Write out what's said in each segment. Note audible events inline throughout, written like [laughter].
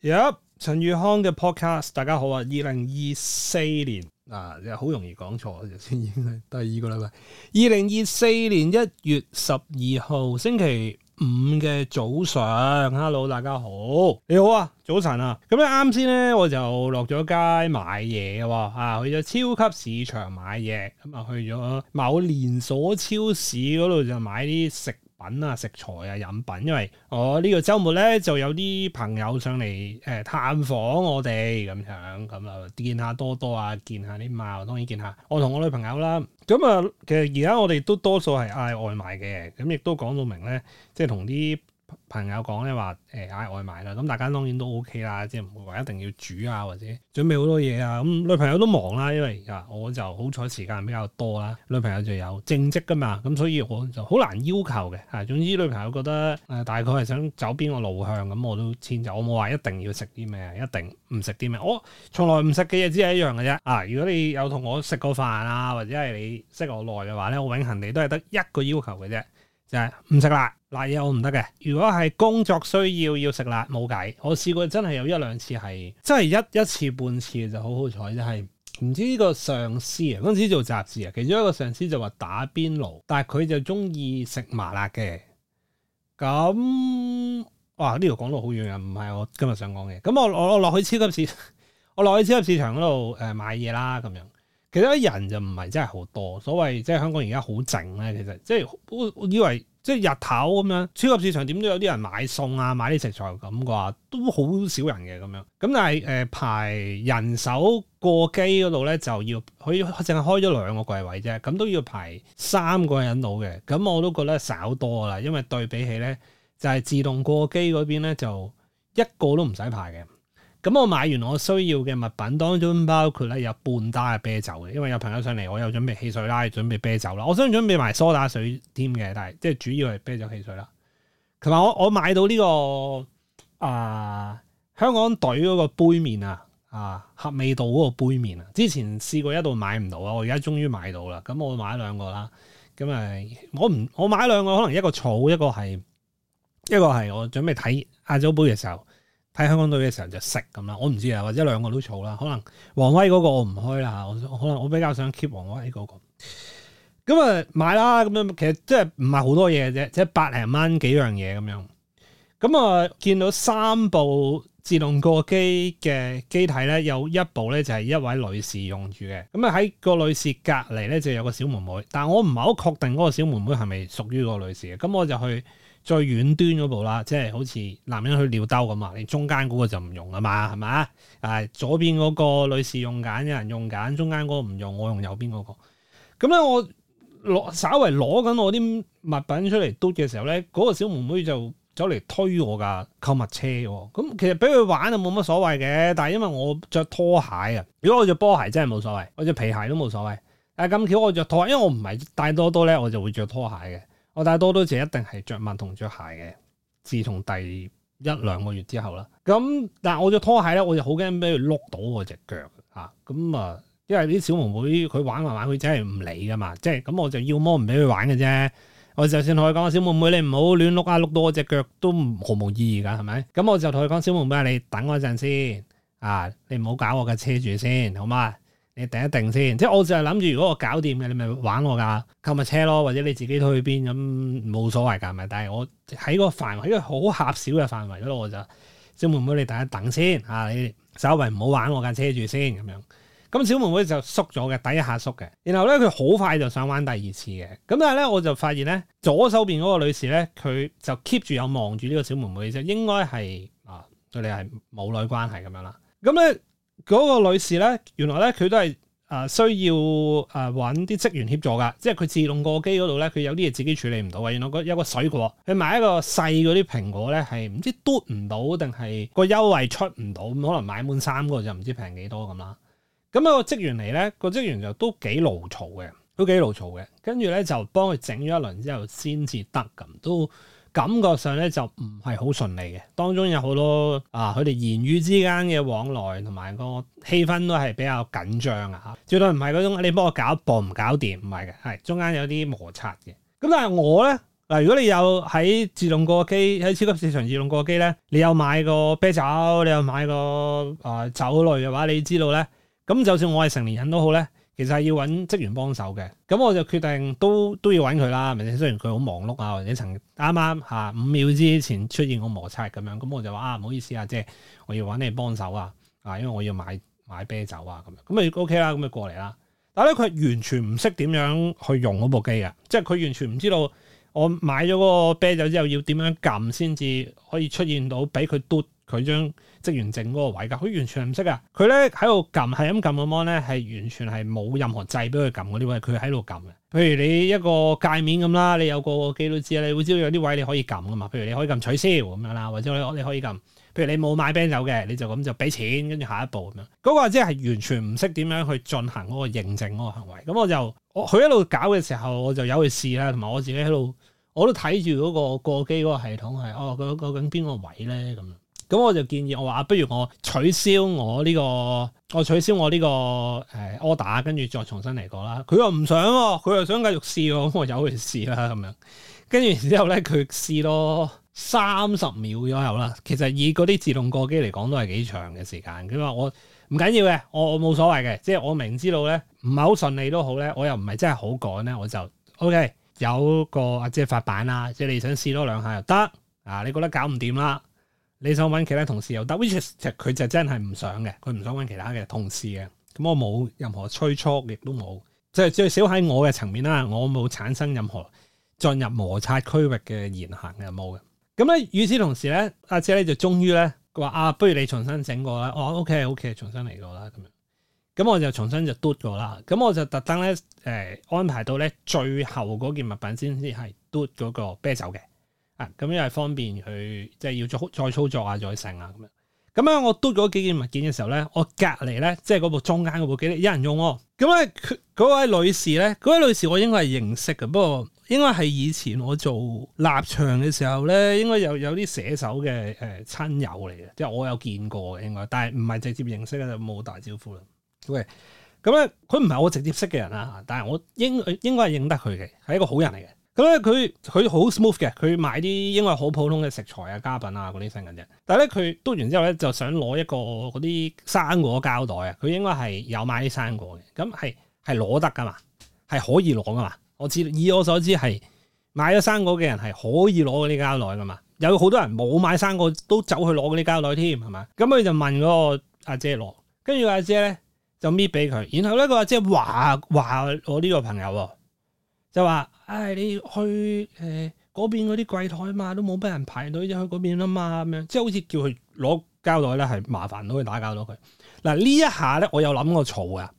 有陳宇康嘅 podcast，大家好啊。二零二四年嗱，又、啊、好容易講錯，先 [laughs] 已經係第二個禮拜，二零二四年一月十二號星期五嘅早上，hello 大家好，你好啊，早晨啊，咁咧啱先咧，我就落咗街買嘢，啊去咗超級市場買嘢，咁啊去咗某連鎖超市嗰度就買啲食品啊食材啊飲品，因為我呢、哦呢個周末咧就有啲朋友上嚟誒、呃、探訪我哋咁樣，咁啊見下多多啊，見下啲貓，當然見下我同我女朋友啦。咁、嗯、啊，其實而家我哋都多數係嗌外賣嘅，咁亦都講到明咧，即係同啲。朋友講咧話誒嗌外賣啦，咁、哎、大家當然都 O、OK、K 啦，即係唔會話一定要煮啊，或者準備好多嘢啊。咁、嗯、女朋友都忙啦，因為啊我就好彩時間比較多啦，女朋友就有正職㗎嘛，咁所以我就好難要求嘅嚇。總之女朋友覺得誒、呃、大概係想走邊個路向，咁、嗯、我都遷就。我冇話一定要食啲咩，一定唔食啲咩，我、哦、從來唔食嘅嘢只係一樣嘅啫。啊，如果你有同我食過飯啊，或者係你識我耐嘅話咧，我永恆地都係得一個要求嘅啫。就係唔食辣，辣嘢我唔得嘅。如果係工作需要要食辣，冇計。我試過真係有一兩次係，真係一一次半次就好好彩，就係、是、唔知呢個上司啊，嗰陣時做雜誌啊，其中一個上司就話打邊爐，但係佢就中意食麻辣嘅。咁哇，呢條講到好遠啊，唔係我今日想講嘅。咁我我落去超級市，我落去超級市場嗰度誒買嘢啦，咁樣。其實人就唔係真係好多，所謂即係香港而家好靜咧。其實即係我，我以為即係日頭咁樣，超級市場點都有啲人買餸啊，買啲食材咁啩，都好少人嘅咁樣。咁但係誒、呃、排人手過機嗰度咧，就要佢淨係開咗兩個櫃位啫，咁都要排三個人到嘅。咁我都覺得稍多啦，因為對比起咧，就係、是、自動過機嗰邊咧，就一個都唔使排嘅。咁我買完我需要嘅物品當中包括咧，有半打嘅啤酒嘅，因為有朋友上嚟，我有準備汽水啦，準備啤酒啦。我想準備埋梳打水添嘅，但係即係主要係啤酒汽水啦。同埋我我買到呢、這個啊、呃、香港隊嗰個杯麵啊啊合味道嗰個杯麵啊，之前試過一度買唔到啊，我而家終於買到啦。咁我買兩個啦，咁啊我唔我買兩個，可能一個草，一個係一個係我準備睇亞洲杯嘅時候。喺香港到嘅時候就食咁啦，我唔知啊，或者兩個都儲啦，可能王威嗰個我唔開啦吓，我可能我比較想 keep 王威嗰、那個，咁、嗯、啊買啦，咁樣其實即係唔係好多嘢啫，即係百零蚊幾樣嘢咁樣，咁、嗯、啊見到三部自動過機嘅機體咧，有一部咧就係一位女士用住嘅，咁啊喺個女士隔籬咧就有個小妹妹，但我唔係好確定嗰個小妹妹係咪屬於個女士嘅，咁、嗯、我就去。最遠端嗰部啦，即係好似男人去尿兜咁啊！你中間嗰個就唔用啊嘛，係咪？誒左邊嗰個女士用緊，有人用緊，中間嗰個唔用，我用右邊嗰、嗰個。咁、嗯、咧，我攞稍微攞緊我啲物品出嚟篤嘅時候咧，嗰、嗰個小妹妹就走嚟推我噶購物車喎。咁、嗯、其實俾佢玩就冇乜所謂嘅，但係因為我着拖鞋啊，如果我着波鞋真係冇所謂，我著皮鞋都冇所謂。但係咁巧我着拖鞋，因為我唔係帶多多咧，我就會着拖鞋嘅。我大多都係一定係着襪同着鞋嘅，自從第一兩個月之後啦，咁但係我着拖鞋咧，我就好驚俾佢碌到我隻腳啊！咁啊，因為啲小妹妹佢玩埋玩佢真係唔理噶嘛，即係咁，我就要麼唔俾佢玩嘅啫，我就算同佢講小妹妹你唔好亂碌啊，碌到我隻腳都毫無意義噶，係咪？咁我就同佢講小妹妹，你等我一陣先啊，你唔好搞我嘅車住先，好嘛？你等一等先，即係我就係諗住，如果我搞掂嘅，你咪玩我架購物車咯，或者你自己都去邊咁冇所謂噶，咪。但係我喺個範圍因為好狹小嘅範圍嗰度，我就小妹妹，你等一等先吓、啊，你稍微唔好玩我架車住先咁樣。咁小妹妹就縮咗嘅，第一下縮嘅。然後咧，佢好快就想玩第二次嘅。咁但係咧，我就發現咧，左手邊嗰個女士咧，佢就 keep 住有望住呢個小妹妹，即係應該係啊，對你係母女關係咁樣啦。咁咧。嗰個女士咧，原來咧，佢都係誒、呃、需要誒揾啲職員協助噶，即係佢自動過機嗰度咧，佢有啲嘢，自己處理唔到啊。原來有個水果，佢買一個細嗰啲蘋果咧，係唔知嘟唔到定係個優惠出唔到，咁可能買滿三個就唔知平幾多咁啦。咁、啊、有個職員嚟咧，個職員就都幾牢嘈嘅，都幾牢嘈嘅，跟住咧就幫佢整咗一輪之後先至得咁都。感覺上咧就唔係好順利嘅，當中有好多啊，佢哋言語之間嘅往來同埋個氣氛都係比較緊張啊！嚇，絕對唔係嗰種你幫我搞，一搞，博唔搞掂，唔係嘅，係中間有啲摩擦嘅。咁但係我咧嗱，如果你有喺自動過機喺超級市場自動過機咧，你有買過啤酒，你有買過啊、呃、酒類嘅話，你知道咧，咁就算我係成年人都好咧。其實係要揾職員幫手嘅，咁我就決定都都要揾佢啦。唔係雖然佢好忙碌啊，或者曾啱啱吓五秒之前出現過摩擦咁樣，咁我就話啊，唔好意思啊，即姐，我要揾你幫手啊，啊因為我要買買啤酒啊咁樣，咁咪 OK 啦，咁咪過嚟啦。但係咧，佢完全唔識點樣去用嗰部機嘅，即係佢完全唔知道我買咗嗰個啤酒之後要點樣撳先至可以出現到俾佢嘟。佢將職員證嗰個位噶，佢完全唔識啊！佢咧喺度撳，係咁撳咁樣咧，係完全係冇任何掣俾佢撳嗰啲位，佢喺度撳嘅。譬如你一個界面咁啦，你有個個機都知呀，你會知道有啲位你可以撳噶嘛。譬如你可以撳取消咁樣啦，或者你可以撳。譬如你冇買啤酒嘅，你就咁就俾錢，跟住下一步咁樣。嗰個即係完全唔識點樣去進行嗰個認證嗰個行為。咁我就佢一路搞嘅時候，我就有去試啦，同埋我自己喺度我都睇住嗰個過機嗰個系統係哦，究竟邊個位咧咁。咁我就建議我話，不如我取消我呢個，我取消我呢個誒 order，跟住再重新嚟過啦。佢又唔想喎、啊，佢又想繼續試喎、啊，咁我由佢試啦、啊、咁樣。跟住之後咧，佢試多三十秒左右啦。其實以嗰啲自動過機嚟講，都係幾長嘅時間。佢話我唔緊要嘅，我我冇所謂嘅，即係我明知道咧，唔係好順利都好咧，我又唔係真係好趕咧，我就 OK，有個阿姐發辦啦，即係你想試多兩下又得啊？你覺得搞唔掂啦？你想揾其他同事又得，其實佢就真係唔想嘅，佢唔想揾其他嘅同事嘅。咁我冇任何催促，亦都冇，即係最少喺我嘅層面啦，我冇產生任何進入摩擦區域嘅言行嘅冇嘅。咁咧，與、嗯、此同時咧，阿姐咧就終於咧佢話啊，不如你重新整過啦。我、哦、OK OK，重新嚟過啦咁樣。咁我就重新就嘟 o 過啦。咁我就特登咧誒安排到咧最後嗰件物品先至係嘟 o 嗰個啤酒嘅。咁因為方便佢即係要再再操作啊，再成啊咁樣。咁啊，我嘟咗幾件物件嘅時候咧，我隔離咧即係嗰部中間嗰部機有人用喎。咁咧，嗰位女士咧，嗰位女士我應該係認識嘅，不過應該係以前我做立場嘅時候咧，應該有有啲寫手嘅誒、呃、親友嚟嘅，即係我有見過嘅應該，但係唔係直接認識咧，就冇打招呼啦。喂、okay，咁咧佢唔係我直接識嘅人啦嚇，但係我應該應該係認得佢嘅，係一個好人嚟嘅。咁咧，佢佢好 smooth 嘅，佢買啲應該好普通嘅食材啊、家品啊嗰啲成嘅啫。但係咧，佢嘟完之後咧，就想攞一個嗰啲生果膠袋啊。佢應該係有買啲生果嘅，咁係係攞得噶嘛，係可以攞噶嘛。我知以我所知係買咗生果嘅人係可以攞嗰啲膠袋噶嘛。有好多人冇買生果都走去攞嗰啲膠袋添，係嘛？咁佢就問嗰個阿姐攞，跟住阿姐咧就搣俾佢。然後咧，個阿姐話話我呢個朋友就話。唉、哎，你要去誒嗰、呃、邊嗰啲櫃台嘛，都冇俾人排隊就去嗰邊啦嘛，咁樣即係好似叫佢攞膠袋咧，係麻煩到去打攪到佢。嗱呢一下咧，我有諗過嘈噶，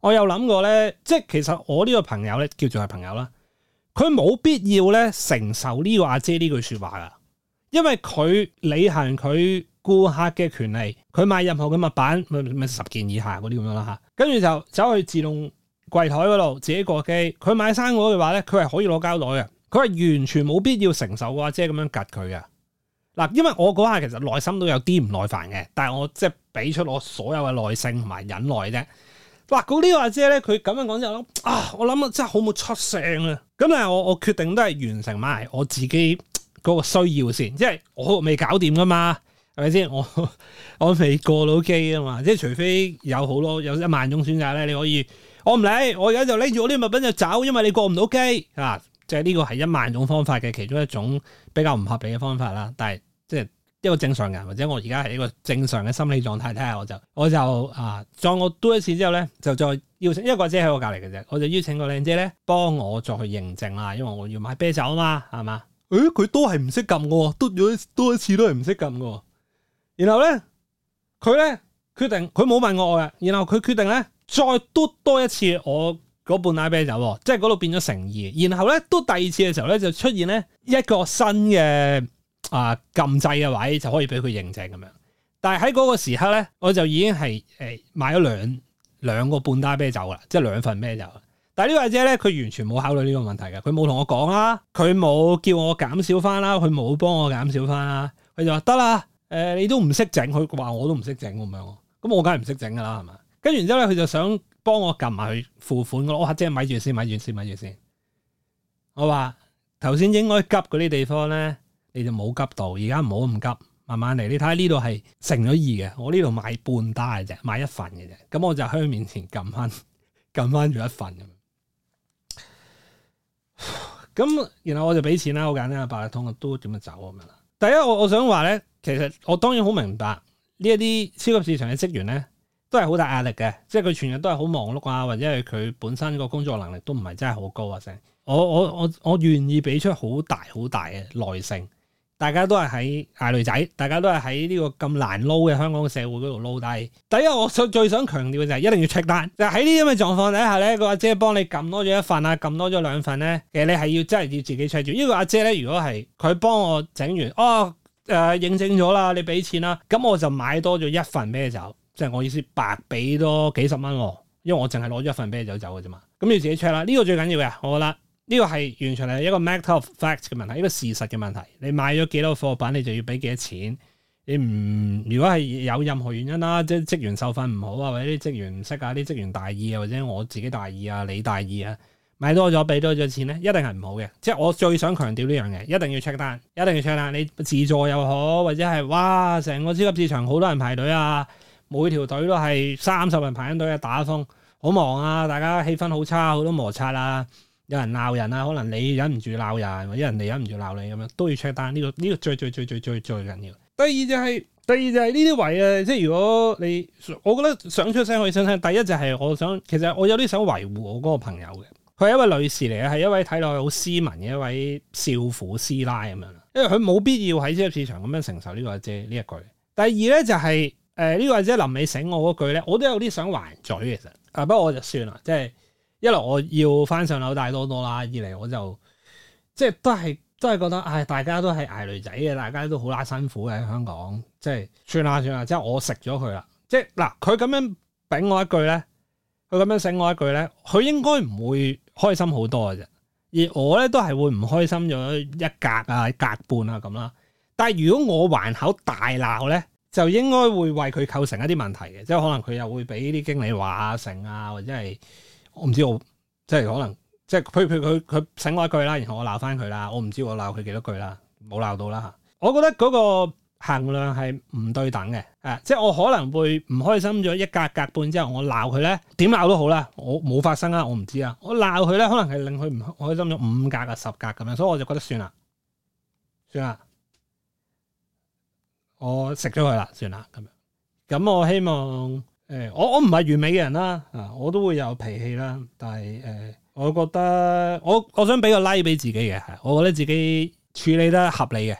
我有諗過咧，即係其實我呢個朋友咧，叫做係朋友啦，佢冇必要咧承受呢個阿姐呢句説話噶，因為佢履行佢顧客嘅權利，佢買任何嘅物品，咪唔十件以下嗰啲咁樣啦嚇，跟住就走去自動櫃台嗰度自己過機，佢買生果嘅話咧，佢係可以攞膠袋嘅，佢係完全冇必要承受個阿姐咁樣夾佢嘅。嗱，因為我嗰下其實內心都有啲唔耐煩嘅，但係我即係俾出我所有嘅耐性同埋忍耐啫。嗱、啊，嗰啲阿姐咧，佢咁樣講之後，我諗啊，我諗啊，真係好冇出聲啊！咁但係我我決定都係完成埋我自己嗰個需要先，即係我未搞掂噶嘛，係咪先？我我未過到機啊嘛，即係除非有好多有一萬種選擇咧，你可以。我唔理，我而家就拎住我啲物品就走，因為你過唔到機啊！即係呢個係一萬種方法嘅其中一種比較唔合理嘅方法啦。但係即係一個正常人或者我而家係一個正常嘅心理狀態，睇下我就我就啊，再我嘟一次之後咧，就再邀請一個姐喺我隔籬嘅啫，我就邀請個靚姐咧幫我再去認證啦，因為我要買啤酒啊嘛，係嘛？誒、欸，佢都係唔識撳嘅，嘟咗多一次都係唔識撳嘅。然後咧，佢咧決定佢冇問我嘅，然後佢決定咧。再嘟多一次我嗰半打啤酒，即係嗰度變咗成二。然後咧，都第二次嘅時候咧，就出現咧一個新嘅啊禁制嘅位就可以俾佢認證咁樣。但係喺嗰個時刻咧，我就已經係誒、呃、買咗兩兩個半打啤酒噶啦，即係兩份啤酒。但係呢位姐咧，佢完全冇考慮呢個問題嘅，佢冇同我講啦，佢冇叫我減少翻啦，佢冇幫我減少翻啦，佢就話得啦。誒、呃，你都唔識整，佢話我都唔識整咁樣，咁我梗係唔識整噶啦，係嘛？跟住之後咧，佢就想幫我撳埋去付款。我話：即係咪住先，咪住先，咪住先。我話頭先應該急嗰啲地方咧，你就冇急到。而家唔好咁急，慢慢嚟。你睇下呢度係成咗二嘅，我呢度買半打嘅啫，買一份嘅啫。咁我就喺佢面前撳翻撳翻咗一份咁。咁然後我就俾錢啦，好簡單。八達通都點樣走咁樣啦。第一，我我想話咧，其實我當然好明白呢一啲超級市場嘅職員咧。都係好大壓力嘅，即係佢全日都係好忙碌啊，或者係佢本身個工作能力都唔係真係好高啊。剩我我我我願意俾出好大好大嘅耐性，大家都係喺嗌女仔，大家都係喺呢個咁難撈嘅香港社會嗰度撈。低。第一，我想最想強調嘅就係一定要 check 單。就喺呢啲咁嘅狀況底下咧，個阿姐幫你撳多咗一份啊，撳多咗兩份咧，其實你係要真係要自己 check 住。因為個呢個阿姐咧，如果係佢幫我整完，哦，誒、呃，認證咗啦，你俾錢啦，咁我就買多咗一份啤酒。即係我意思，白俾多幾十蚊，因為我淨係攞咗一份啤就走嘅啫嘛。咁要自己 check 啦，呢、這個最緊要嘅，我覺得呢、這個係完全係一個 m a t e r of a c t 嘅問題，一個事實嘅問題。你買咗幾多貨品，你就要俾幾多錢。你唔如果係有任何原因啦，即係職員受訓唔好啊，或者啲職員唔識啊，啲職員,員大意啊，或者我自己大意啊，你大意啊，買多咗俾多咗錢咧，一定係唔好嘅。即係我最想強調呢樣嘢，一定要 check 單，一定要 check 單。你自助又好，或者係哇，成個超級市場好多人排隊啊！每條隊都係三十人排緊隊啊，打風好忙啊，大家氣氛好差，好多摩擦啊，有人鬧人啊，可能你忍唔住鬧人，或者人哋忍唔住鬧你咁樣，都要 check 單。呢個呢個最最最最最最緊要。第二就係，第二就係呢啲位啊，即係如果你，我覺得想出聲去想出聲。第一就係我想，其實我有啲想維護我嗰個朋友嘅，佢係一位女士嚟嘅，係一位睇落去好斯文嘅一位少婦師奶咁樣。因為佢冇必要喺呢個市場咁樣承受呢個啫呢一句。第二咧就係。誒，呢、呃這個或者臨尾醒我嗰句咧，我都有啲想還嘴其實、啊，但係不過我就算啦，即係一嚟，我要翻上樓帶多多啦，二嚟我就即係都係都係覺得，唉、哎，大家都係捱女仔嘅，大家都好拉辛苦嘅喺香港，即係算啦算啦，即係我食咗佢啦，即係嗱，佢咁樣炳我一句咧，佢咁樣醒我一句咧，佢應該唔會開心好多嘅啫，而我咧都係會唔開心咗一格啊，格半啊咁啦，但係如果我還口大鬧咧，就應該會為佢構成一啲問題嘅，即係可能佢又會俾啲經理話啊成啊，或者係我唔知道我即係可能即係，譬如佢佢醒我一句啦，然後我鬧翻佢啦，我唔知我鬧佢幾多句啦，冇鬧到啦。我覺得嗰個衡量係唔對等嘅，誒，即係我可能會唔開心咗一格格半之後，我鬧佢咧，點鬧都好啦，我冇發生啊，我唔知啊，我鬧佢咧，可能係令佢唔開心咗五格啊十格咁樣，所以我就覺得算啦，算啦。算我食咗佢啦，算啦咁樣。咁我希望，誒、欸，我我唔係完美嘅人啦，啊，我都會有脾氣啦。但係誒、呃，我覺得我我想俾個 like 俾自己嘅，係，我覺得自己處理得合理嘅、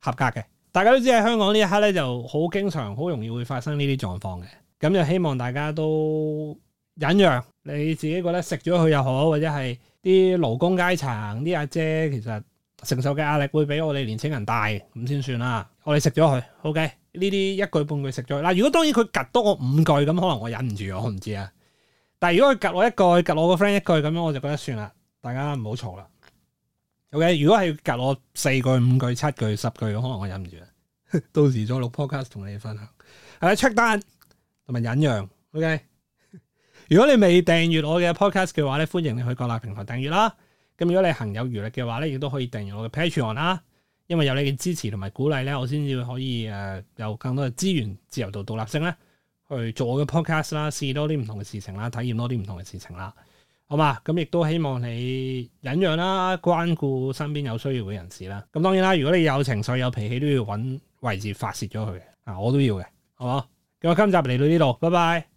合格嘅。大家都知喺香港呢一刻咧，就好經常、好容易會發生呢啲狀況嘅。咁就希望大家都忍讓。你自己覺得食咗佢又好，或者係啲勞工階層啲阿姐其實，承受嘅壓力會比我哋年輕人大，咁先算啦。我哋食咗佢，OK？呢啲一句半句食咗佢。嗱，如果當然佢夾多我五句，咁可能我忍唔住我唔知啊。但係如果佢夾我，一，個，我一句，夾我個 friend 一句，咁樣我就覺得算啦，大家唔好嘈啦。OK？如果係夾我四句、五句、七句、十句，可能我忍唔住啊。 [laughs] 到時再錄 podcast 同你分享，係啦 check 單同埋忍讓。OK？ [laughs] 如果你未訂閱我嘅 podcast 嘅話咧，歡迎你去各大平台訂閱啦。咁如果你行有餘力嘅話咧，亦都可以訂閱我嘅 Patreon 啦，因為有你嘅支持同埋鼓勵咧，我先至可以誒有更多嘅資源自由度獨立性咧，去做我嘅 podcast 啦，試多啲唔同嘅事情啦，體驗多啲唔同嘅事情啦，好嘛？咁亦都希望你忍讓啦，關顧身邊有需要嘅人士啦。咁當然啦，如果你有情緒有脾氣，都要揾位置發泄咗佢啊！我都要嘅，好嘛？咁我今集嚟到呢度，拜拜。